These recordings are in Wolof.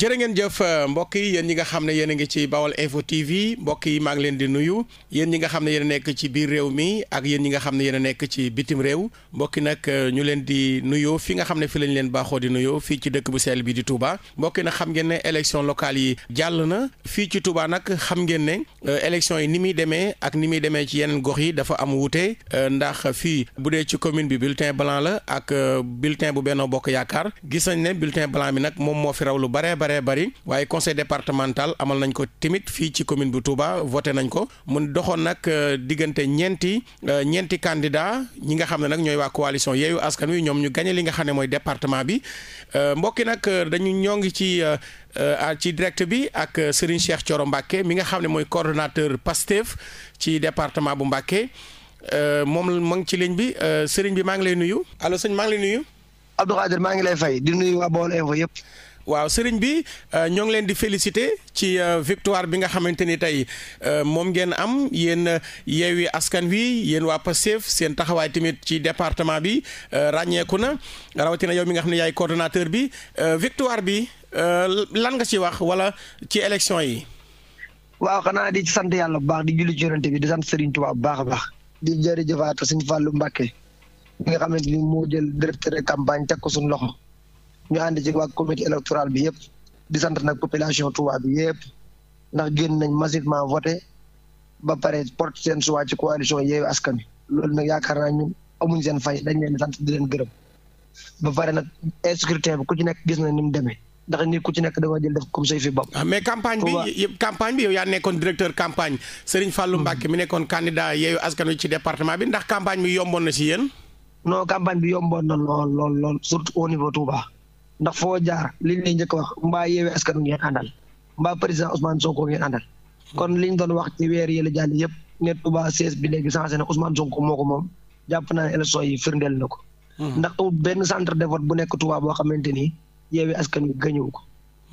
jëre ngeen jëf euh, mbokk yi yéen ñi nga xam ne yéen a ngi ci Bawal Info TV mbokk yi maa ngi leen di nuyu yéen ñi nga xam ne yéen nekk ci biir réew mi ak yéen ñi nga xam ne yéen a nekk ci bitim réew mbokk yi nag euh, ñu leen di nuyoo fi nga xam ne fi lañ leen baaxoo di nuyoo fii ci dëkk bu seel bi di Touba mbokk yi xam ngeen ne élection locale yi jàll na fii ci Touba nag xam ngeen ne euh, élection yi ni muy demee ak ni muy demee ci yeneen gox yi dafa am wute ndax fii bu dee ci commune bi bulletin blanc la ak bulletin bu Benno Bokk Yaakaar gis nañ ne bulletin blanc bi nag moom moo fi lu bare baree bari waaye conseil départemental amal nañ ko tamit fii ci commune bu Touba voté nañ ko mun doxoon nag euh, diggante ñeenti euh, ñeenti candidat ñi nga xam ne nag ñooy waa coalition yeeyu askan wi ñoom ñu gagné li nga xam ne mooy département bi euh, mbokki nag dañu ñoo ngi ci ci direct bi ak Serigne Cheikh Thioro Mbacké mi nga xam ne mooy coordonnateur Pastef ci département bu Mbacké moom ma ci ligne bi Serigne bi maa ngi lay nuyu allo sëñ maa ngi lay nuyu Abdou Khadir ngi lay fay waaw sëriñ bi euh, ñoo ngi leen di féliciter ci euh, victoire bi nga xamante ni tey euh, moom ngeen am yéen yeewi askan wi yéen waa Pastef seen taxawaay tamit ci département bi ràññeeku na rawatina yow mi nga xam ne yaay coordonnateur bi victoire bi lan nga ci wax wala ci élection yi. waaw xanaa di sant yàlla bu baax di julli ci Yonent bi di sant Serigne Touba bu baax baax. di jërëjëfaat Serigne Fallou Mbacké. mi nga xamante ni moo jël directeur de campagne teg ko suñu loxo. ñu ànd ci waa comité électoral bi yëpp di sant nag population Touba bi yëpp ndax génn nañ massivement voté ba pare porte seen choix ci coalition Yewwi Askan Wi loolu nag yaakaar naa ñu amuñ seen fay dañ leen sant di leen gërëm ba pare nag insécurité bi ku ci nekk gis na ni mu demee ndax nit ku ci nekk da nga jël def comme say fi bopp. ah mais campagne bi yëpp campagne bi yow yaa nekkoon directeur campagne Serigne Fallou hmm. ci département bi ndax campagne bi yomboon na si yéen. non campagne bi yomboon na lool lool lool surtout au niveau Touba. ndax foo jaar liñ lay njëkk wax mbaa yeewee askan wi ngeen àndal mbaa président Ousmane Sonko ngeen àndal kon liñ doon wax ci weer yële jàll yëpp ne Touba siège bi léegi changé na Ousmane Sonko moo ko moom jàpp naa ne élection yi na ko. Hmm. ndax amul benn centre de vote bu nekk Touba boo xamante ni yeewee askan wi gëñëw ko.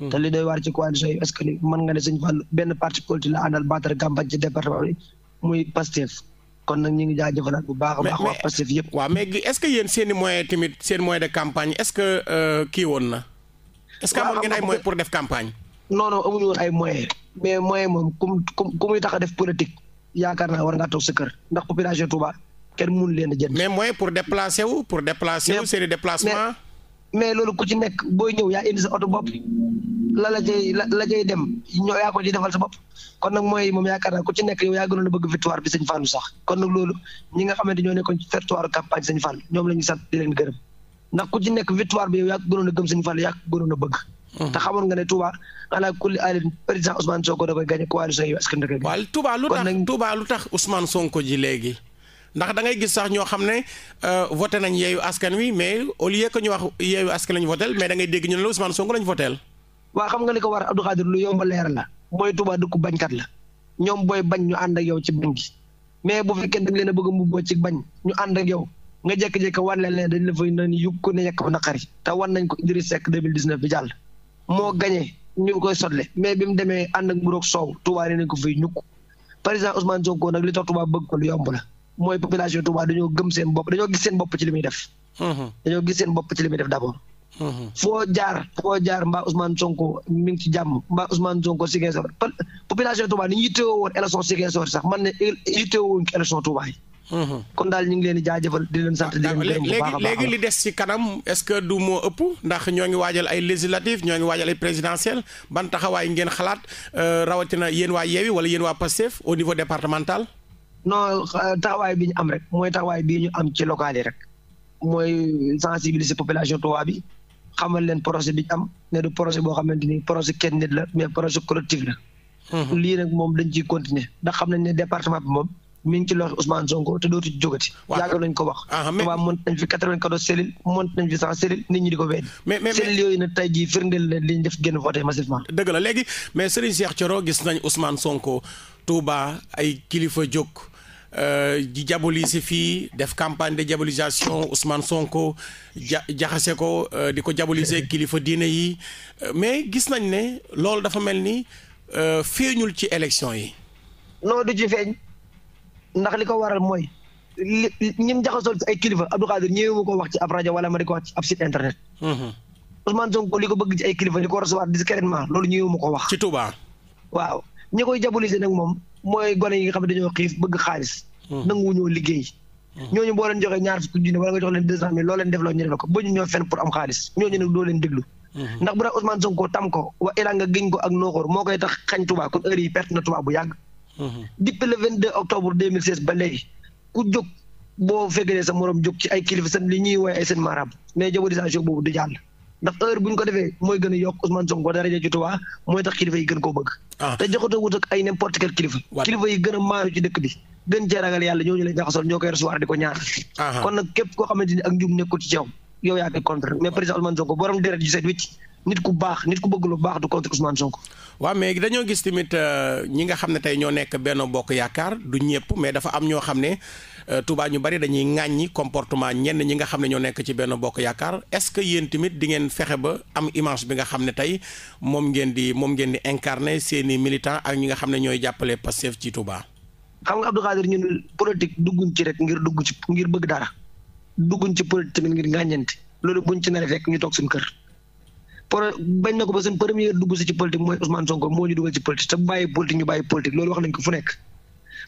Hmm. te li doy waar ci coalition yi mën nga ne Sëñ Fall benn parti politique la àndal baatar gàmbañ ci département bi muy Pastef. kon nag ñu ngi jaajëfalaat bu baax a baax waa Pastef yëpp waaw mais est-ce que yéen seen i moyen tamit seen moyen de campagne est que euh, kii woon na est-ce que amoon ngeen ay moyen pour def campagne non non ay moyen mais moyen moom kum ku muy tax a def politique yaakaar naa war ngaa toog sa kër ndax population Touba kenn mënu leen jënd mais moyen pour déplacer wu pour déplacer wu seen i loolu ku ci nekk booy ñëw yaa indi sa oto bopp la la cay la la cay dem ñoo yaa ko ci defal sa bopp kon nag mooy moom yaakaar naa ku ci nekk yow yaa gënoon a bëgg victoire bi sëñ Fallou sax kon nag loolu ñi nga xamante ñoo nekkoon ci territoire campagne sëñ Fallou ñoom la ñuy sant di nekk victoire bi yow yaa ko gënoon a gëm a mhm. ne Touba ala kulli alin président Ousmane Sonko da koy lu tax Touba lu tax ji léegi ndax da ngay gis sax ñoo xam ne euh, voté nañ yeeyu askan wi mais au lieu que ñu wax yeeyu askan lañ votel mais da dégg ñu ne la Ousmane Sonko lañ votel waa xam nga li ko war a Abdou Khadir lu yomb leer la mooy Touba dëkku bañkat la ñoom booy bañ ñu ànd ak yow ci bañ gi mais bu fekkee dañ leen a bëgg mbubboo ci bañ ñu ànd ak yow nga jékki-jékki wan leen ne dañ la fay naan yukku ne yekk bu naqari te wan nañ ko Idriss Seck 2019 bi jàll moo gañee ñu ngi koy sotle mais bi mu demee ànd ak mburoog soow Touba ne nañ ko fay ñukk président Ousmane Sonko nag li tax Touba bëgg ko lu yomb la mooy population Touba dañoo gëm seen bopp dañoo gis seen bopp ci li muy def seen bopp ci li muy def d'abord Mhm. foo jaar foo jaar mbaa Ousmane Sonko mi ngi ci jàmm mbaa Ousmane Sonko Ziguinchor population Touba ni ñu yittewoo woon élection Ziguinchor sax man ne yittewoo woon élection Touba yi. Mhm. kon daal ñu ngi leen di jaajëfal di di leen gërëm bu baax a li des ci kanam est-ce que du moo ëpp ndax ñoo ngi waajal ay législatives ñoo ngi waajal ay présidentielles ban taxawaay ngeen xalaat euh, rawatina yéen waa Yewwi wala yéen waa Pastef au niveau départemental. non euh, taxawaay bi ñu am rek mooy taxawaay bii ñu am ci local yi rek mooy sensibiliser population Touba bi. xamal leen projet bi am ne du projet boo xamante ni projet kenn nit la mais projet collectif la. Mhm. lii nag moom dañ ciy continuer ndax xam nañ ne département bi moom mi ngi ci loxo Ousmane Sonko te dootu ci jógati. waaw ko wax. Ah, waaw mont nañ fi quatre ñi di ko mais mais cellules yooyu nag tey jii firndeel na li ñu def génn voté massivement. dëgg la léegi mais Serigne Cheikh Thioro gis nañ Ousmane Sonko Touba ay kilifa jóg. Euh, di diaboliser fii def campagne de diabolisation Ousmane Sonko ja jaxase ko euh, di ko diaboliser kilifa diine yi euh, mais gis nañ ne loolu dafa mel ni feeñul ci élection yi. non du ci feeñ ndax li ko waral mooy li ñim jaxasool ci ay kilifa Abdou Khadir ñëwee ko wax ci ab rajo wala ma di ko wax ci ab site internet. Mhm. Ousmane Sonko li ko bëgg ci ay kilifa di ko recevoir discrètement loolu ñëwee ma ko wax. ci Touba. waaw ñi koy diaboliser nag moom. mooy gone yi nga xam ne dañoo xiif bëgg xaalis. Hmm. ñoo liggéey. Hmm. ñooñu boo leen joxee ñaar fukki junni wala nga jox leen deux cent mille loo leen def loo ñu def ko ba ñu ñëw am hmm. ko wa ilaa nga giñ ko ak nooxoor moo yi perte na Touba bu yàgg. depuis le 22 octobre 2016 ba léegi ku jóg boo fekkee sa morom jóg ci ay kilifa seen li ñuy woowee ay seen marab boobu du jàll. ndax heure bu ñu ko defee mooy gën a yokk Ousmane Sonko daraja ci Tuubaa mooy tax kilifa yi gën koo bëgg. Ah. te joxatoo wut ay n'importe quel kilifa. kilifa yi gën a maaru ci dëkk bi. gën cee ragal yàlla ñooñu lay jaxasoo ñoo koy recevoir di ko ñaar. Ah. kon nag képp koo xamante ni ak njub nekkul ci yow yow yaa contre mais président Ousmane Sonko borom deret ju set wicc nit ku baax nit ku bëgg lu baax du contre Ousmane Sonko. waa mais dañoo gis tamit euh, ñi nga xam ne tey ñoo nekk benn bokk yaakaar du ñëpp mais dafa am ñoo xam ne euh, Touba ñu bari dañuy ŋàññi comportement ñenn ñi nga xam ne ñoo nekk ci benn bokk yaakaar est-ce que yéen tamit di ngeen fexe ba am bi nga xam ne tey moom ngeen di moom ngeen di incarner seen i ak ñi nga xam ne ñooy jàppale Pastef ci Touba. xam nga Abdou Khadir ñun politique dugguñ ci rek ngir dugg ci ngir bëgg dara dugguñ ci politique tamit ngir ŋàññante loolu buñ ci naree rek ñu toog suñu kër pro bañ na ko ba seen première dugg si ci politique mooy Ousmane Sonko moo ñu dugal ci politique te bàyyi politique ñu bàyyi politique loolu wax nañ ko fu nekk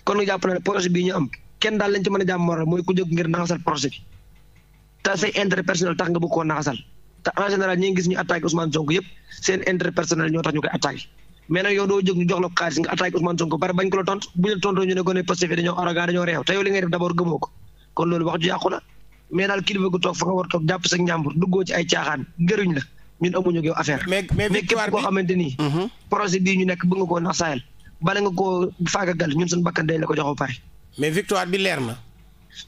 kon ne projet bii ñu am kenn a loolu wax ju yàqu la daal kilifa gu toog fa nga war toog jàpp sa njàmbur duggoo ci ay caaxaan gëruñ la ñun amuñu ak affaire. mais mais victoire bi képp koo xamante ni. Mhm. projet ñu nekk bëgg nga koo nax Sahel bala nga koo faagagal ñun suñu bakkan day ko jox ba pare. mais victoire bi leer na.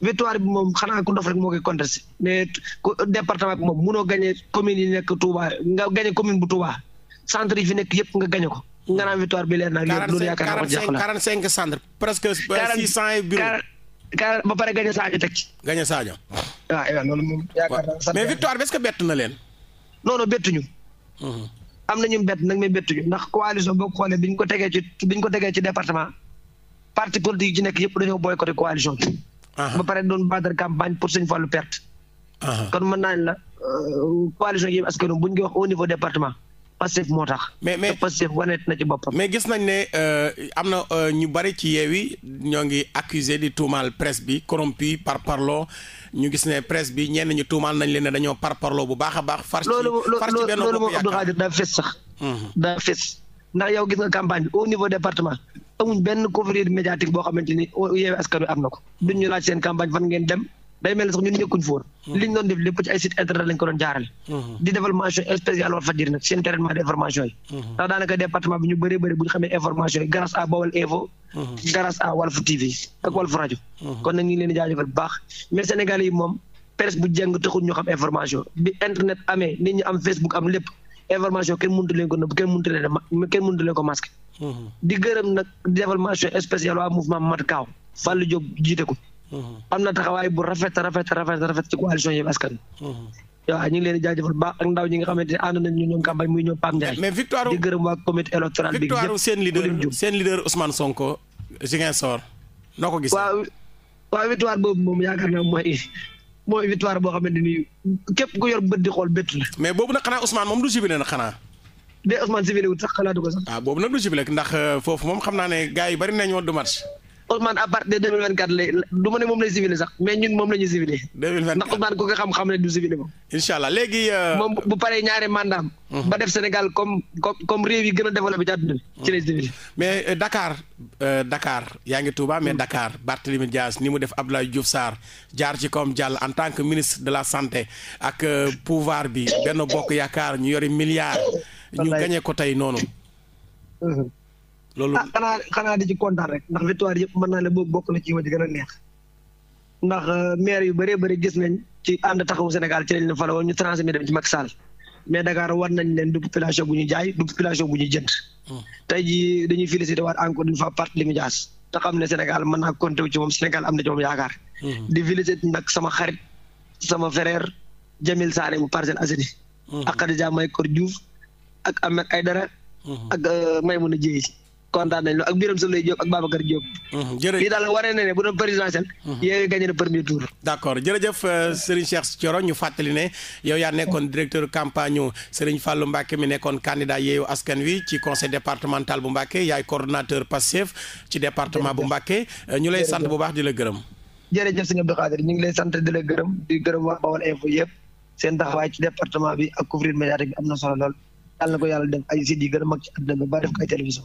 victoire bi moom xanaa ku dof rek moo koy contesté mais département bi moom munoo gagné commune nekk Touba nga gagné commune bu Touba centre yi fi nekk yëpp nga gagné ko. nga naan victoire bi leer na ak loolu yaakaar naa ko jàpp la 45 45 centre presque 600 euh, ba pare gagné Sadio teg ci. gagné Sadio. Ah, eh non non bettuñu. Mm-hmm. am na ñu bett nag mais bettuñu ndax coalition boo xoolee biñ ko tegee ci biñ ko tegee ci département parti politique ji nekk yëpp dañoo boycotté coalition bi. ba pare doon battre campagne pour Sëñ Fallu perte. kon mën naa la euh, coalition yi askan wi buñ koy wax au niveau département. Pastef moo tax. mais mais Pastef waneet na ci boppam. mais gis nañ ne euh, am na euh, ñu bari ci yeewi ñoo ngi accusé di tuumaal presse bi corrompu par parlo ñu gis ne presse bi ñenn ñu tuumaal nañ leen ne dañoo par parlo bu baax a baax. far ci far ci benn bopp loolu Abdou Khadir daa fes sax. Mhm. daa fes ndax yow gis nga campagne bi au niveau département amuñ benn couvrir médiatique boo xamante ni yeewi askan wi am na ko duñ ñu laaj seen campagne fan ngeen dem. day mel ne sax ñun nekkuñ foon hmm. liñ doon def lépp ci ay site internet lañ ko doon jaarale hmm. di développement spéciale wal fadir nag hmm. mais Sénégalais yi moom presse bu jàng taxul ñu xam bi internet amee nit ñi am Facebook am lépp information kenn mënut leen ko nëbb kenn mënut leen kenn mënut leen ko masqué di gërëm waa mouvement Mat Kaaw Fallou Diop jiite ko am na taxawaay bu rafet rafet rafet rafet ci coalition Yewwi Askan waaw ñu ngi leen di ne ànd nañ ñu ñoom campagne muy ñoom Pape Ndiaye mais victoire di gërëm ni képp ku yor bët di xool bët la mais boobu na xanaa de Ousmane jibile wut sax ko sax ah boobu nag du jibile euh, foofu moom xam naa ne gars yi bari nañoo du match Ousmane à partir de 2024 lay du moom lay civiler sax mais ñun moom la ñuy civiler. 2024 ndax Ousmane ku ko moom. léegi. Euh, moom bu paree ñaari mandaam mhm. ba def Sénégal comme comme comme réew yi gën a développé ci àdduna mhm. mais euh, Dakar euh, Dakar yaa ngi Touba mais mhm. Dakar Barthélémy Dias ni mu def Abdoulaye Diouf saar jaar ci koom jàll en tant que ministre de la santé ak pouvoir bi benn bokk yaakaar ñu yori milliards. ñu gañee ko tey noonu. loolu ah xanaa xanaa di ci kontaan rek ndax victoire yëpp mën naa ne boobu bokk na ci ma ci gën a neex ndax euh, maire yu bëree bëri gis nañ ci ànd taxawu Sénégal ci lañ leen faloon ñu transmis dem ci Macky Sall mais Dakar war nañ leen du population bu ñu jaay du population bu ñu jënd. Hmm. tey jii dañuy féliciter waat encore une fa Barthélémy Dias te xam ne Sénégal mën naa compter ci moom Sénégal am na ci moom yaakaar. Hmm. di féliciter nag sama xarit sama frère Jamil Sané bu Parcelles Assainies. Hmm. ak Khadija Mahécor Diouf ak Ahmed Aïdara. ak euh, Maïmouna Dièye kontaan nañ lool ak Birame Souleye Diop ak Babacar Diop. jërëjëf lii daal waree na ne bu doon présidentiel. yéen a gagné le premier tour. d' accord jërëjëf euh, Serigne Cheikh Thioro ñu fàttali ne yow yaa nekkoon directeur campagne ñu Serigne Fallou Mbacke mi nekkoon candidat yeewu askan wi ci conseil départemental bu Mbacke yaay coordonnateur Pastef ci département bu Mbacke euh, ñu lay sant bu baax di la gërëm. jërëjëf sëñ Abdou Khadir ñu ngi lay sant di la gërëm di gërëm waa Bawol info yëpp seen taxawaay ci département bi ak couvrir médiatique bi am na solo lool yàlla na ko yàlla a mag ci àdduna bi ba def ko